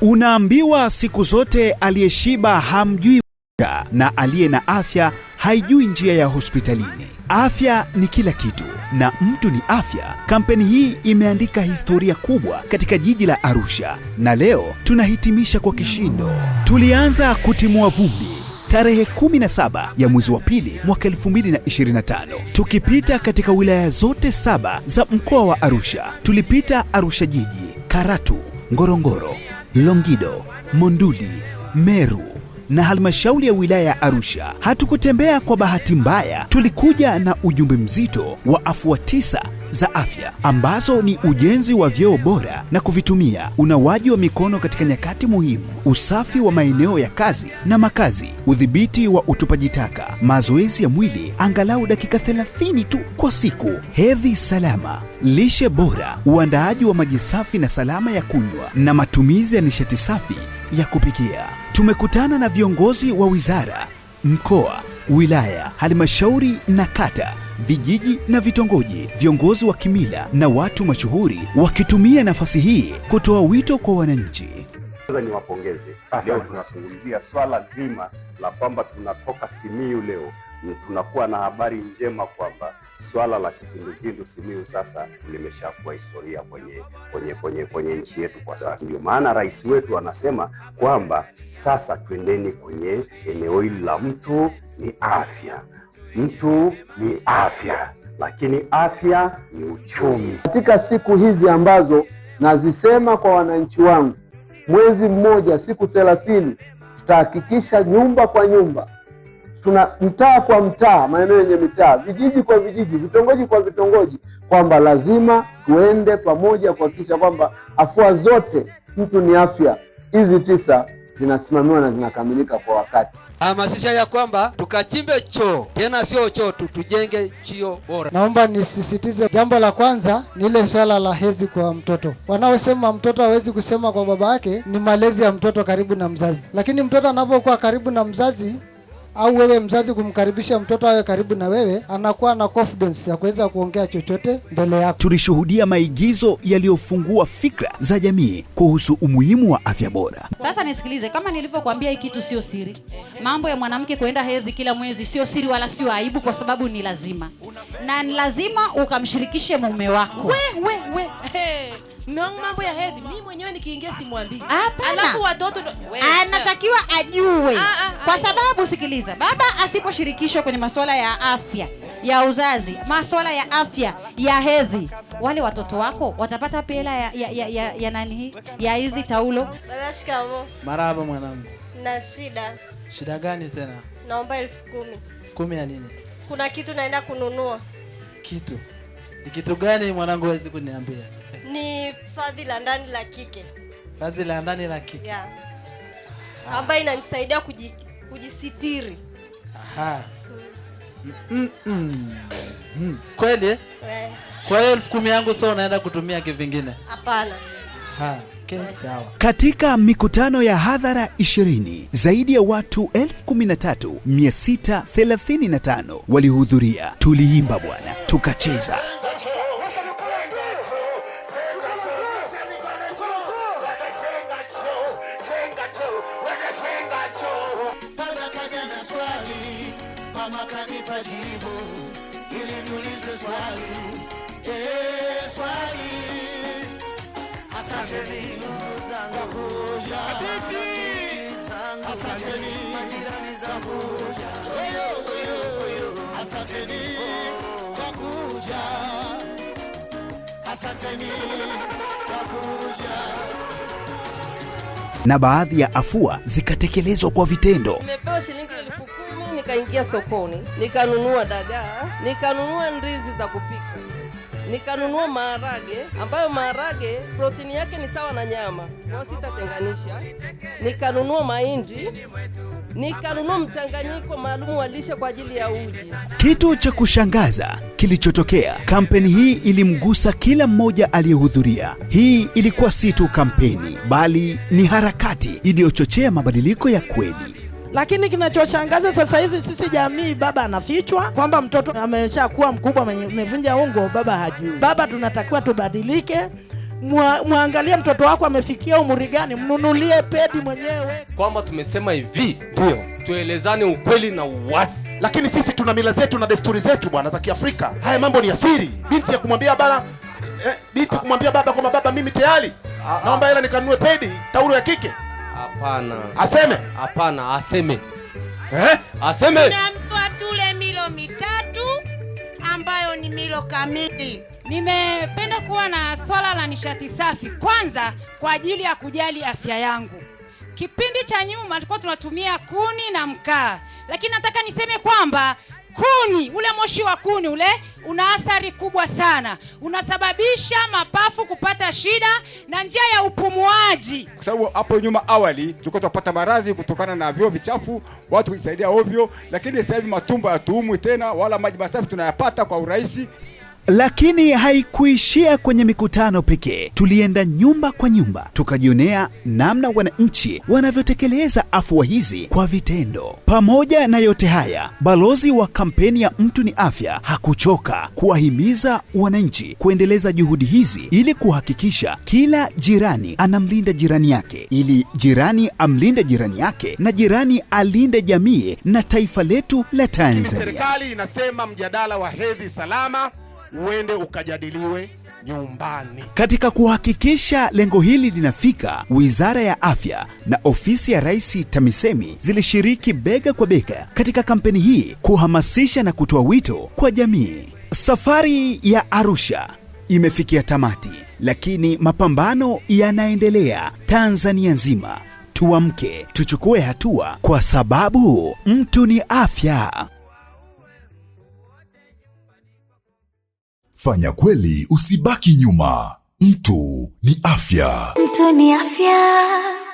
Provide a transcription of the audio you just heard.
Unaambiwa siku zote aliyeshiba hamjui na aliye na afya haijui njia ya hospitalini. Afya ni kila kitu na mtu ni afya. Kampeni hii imeandika historia kubwa katika jiji la Arusha na leo tunahitimisha kwa kishindo. Tulianza kutimua vumbi tarehe 17 ya mwezi wa pili mwaka 2025 tukipita katika wilaya zote saba za mkoa wa Arusha. Tulipita Arusha jiji, Karatu, Ngorongoro, Longido, Monduli, Meru na halmashauri ya wilaya ya Arusha. Hatukutembea kwa bahati mbaya, tulikuja na ujumbe mzito wa afua tisa za afya ambazo ni ujenzi wa vyoo bora na kuvitumia, unawaji wa mikono katika nyakati muhimu, usafi wa maeneo ya kazi na makazi, udhibiti wa utupaji taka, mazoezi ya mwili angalau dakika 30 tu kwa siku, hedhi salama, lishe bora, uandaaji wa maji safi na salama ya kunywa na matumizi ya nishati safi ya kupikia. Tumekutana na viongozi wa wizara, mkoa, wilaya, halmashauri na kata vijiji na vitongoji, viongozi wa kimila na watu mashuhuri wakitumia nafasi hii kutoa wito kwa wananchi. Kwanza ni wapongeze, leo tunazungumzia swala zima la kwamba tunatoka Simiyu leo tunakuwa na habari njema kwamba swala la kipindupindu Simiyu sasa limeshakuwa historia kwenye kwenye kwenye kwenye nchi yetu kwa sasa. Ndio maana rais wetu anasema kwamba sasa twendeni kwenye eneo hili la mtu ni afya mtu ni afya, lakini afya ni uchumi. Katika siku hizi ambazo nazisema kwa wananchi wangu, mwezi mmoja, siku thelathini, tutahakikisha nyumba kwa nyumba tuna mtaa kwa mtaa, maeneo yenye mitaa, vijiji kwa vijiji, vitongoji kwa vitongoji, kwamba lazima tuende pamoja kuhakikisha kwamba afua zote mtu ni afya hizi tisa zinasimamiwa na zinakamilika kwa wakati. Hamasisha ya kwamba tukachimbe choo tena, sio choo tu, tujenge chio bora. Naomba nisisitize, jambo la kwanza ni ile swala la hezi kwa mtoto. Wanaosema mtoto hawezi kusema kwa baba yake, ni malezi ya mtoto karibu na mzazi, lakini mtoto anapokuwa karibu na mzazi au wewe mzazi kumkaribisha mtoto awe karibu na wewe, anakuwa na confidence ya kuweza kuongea chochote mbele yako. Tulishuhudia maigizo yaliyofungua fikra za jamii kuhusu umuhimu wa afya bora. Sasa nisikilize, kama nilivyokuambia, hii kitu sio siri. Mambo ya mwanamke kuenda hedhi kila mwezi sio siri wala sio aibu, kwa sababu ni lazima, na ni lazima ukamshirikishe mume wako we, we, we. Hey. No, mambo ya hedhi mimi mwenyewe nikiingia simwambii. Alafu watoto anatakiwa ajue a, ah, a, ah, a, ah. kwa sababu sikiliza, baba asiposhirikishwa kwenye masuala ya afya ya uzazi, masuala ya afya ya hedhi, wale watoto wako watapata pela ya, ya, ya, ya, ya nani hii ya hizi taulo. Baba, shikamoo. Marhaba mwanangu. Na shida. Shida gani tena? Naomba elfu kumi. Elfu kumi ya nini? Kuna kitu naenda kununua. Kitu ni kitu gani mwanangu? Huwezi kuniambia ni vazi la ndani la kike, vazi la ndani la kike yeah. ambayo inanisaidia kuji, kujisitiri. Aha. Mm -mm. mm, mm. Kweli? eh? Kwa hiyo elfu kumi yangu sio unaenda kutumia kivingine? Hapana. Ha, Katika mikutano ya hadhara 20 zaidi ya watu 13635 walihudhuria. Tuliimba bwana, tukacheza. mama kanipa jibu ili niulize swali ee, swali. Asanteni ndugu zangu kuja, majirani kuja, asanteni kwa kuja, asanteni kwa kuja na baadhi ya afua zikatekelezwa kwa vitendo. Nimepewa shilingi elfu nikaingia sokoni nikanunua dagaa, nikanunua ndizi za kupika, nikanunua maharage ambayo maharage protini yake ni sawa na nyama, kwao sitatenganisha. Nikanunua mahindi, nikanunua mchanganyiko maalumu wa lishe kwa ajili ya uji. Kitu cha kushangaza kilichotokea, kampeni hii ilimgusa kila mmoja aliyehudhuria. Hii ilikuwa si tu kampeni, bali ni harakati iliyochochea mabadiliko ya kweli. Lakini kinachoshangaza sasa hivi sisi jamii, baba anafichwa kwamba mtoto ameshakuwa mkubwa, amevunja ungo, baba hajui. Baba, tunatakiwa tubadilike. Mwangalie mtoto wako amefikia umri gani, mnunulie pedi mwenyewe. Kwamba tumesema hivi ndio tuelezane ukweli na uwazi, lakini sisi tuna mila zetu na desturi zetu bwana za Kiafrika. Haya mambo ni asiri. Binti ya kumwambia bana, eh, binti kumwambia baba kwamba baba, mimi tayari ah, ah. naomba hela nikanunue pedi, taulo ya kike Hapana. Aseme? Hapana, aseme. Eh? Aseme. Nimeambiwa tule milo mitatu ambayo ni milo kamili. Nimependa kuwa na swala la nishati safi kwanza kwa ajili ya kujali afya yangu. Kipindi cha nyuma tulikuwa tunatumia kuni na mkaa, lakini nataka niseme kwamba kuni, ule moshi wa kuni ule una athari kubwa sana, unasababisha mapafu kupata shida na njia ya upumuaji, kwa sababu hapo nyuma awali tulikuwa tunapata maradhi kutokana na vyoo vichafu, watu kujisaidia ovyo, lakini sasa hivi matumbo hatuumwi tena, wala maji masafi tunayapata kwa urahisi. Lakini haikuishia kwenye mikutano pekee. Tulienda nyumba kwa nyumba, tukajionea namna wananchi wanavyotekeleza afua hizi kwa vitendo. Pamoja na yote haya, balozi wa kampeni ya Mtu ni Afya hakuchoka kuwahimiza wananchi kuendeleza juhudi hizi ili kuhakikisha kila jirani anamlinda jirani yake, ili jirani amlinde jirani yake, na jirani alinde jamii na taifa letu la Tanzania. Serikali inasema mjadala wa hedhi salama uende ukajadiliwe nyumbani. Katika kuhakikisha lengo hili linafika, Wizara ya Afya na Ofisi ya Rais TAMISEMI zilishiriki bega kwa bega katika kampeni hii kuhamasisha na kutoa wito kwa jamii. Safari ya Arusha imefikia tamati, lakini mapambano yanaendelea Tanzania nzima. Tuamke, tuchukue hatua, kwa sababu mtu ni afya. Fanya kweli, usibaki nyuma. Mtu ni afya. Mtu ni afya.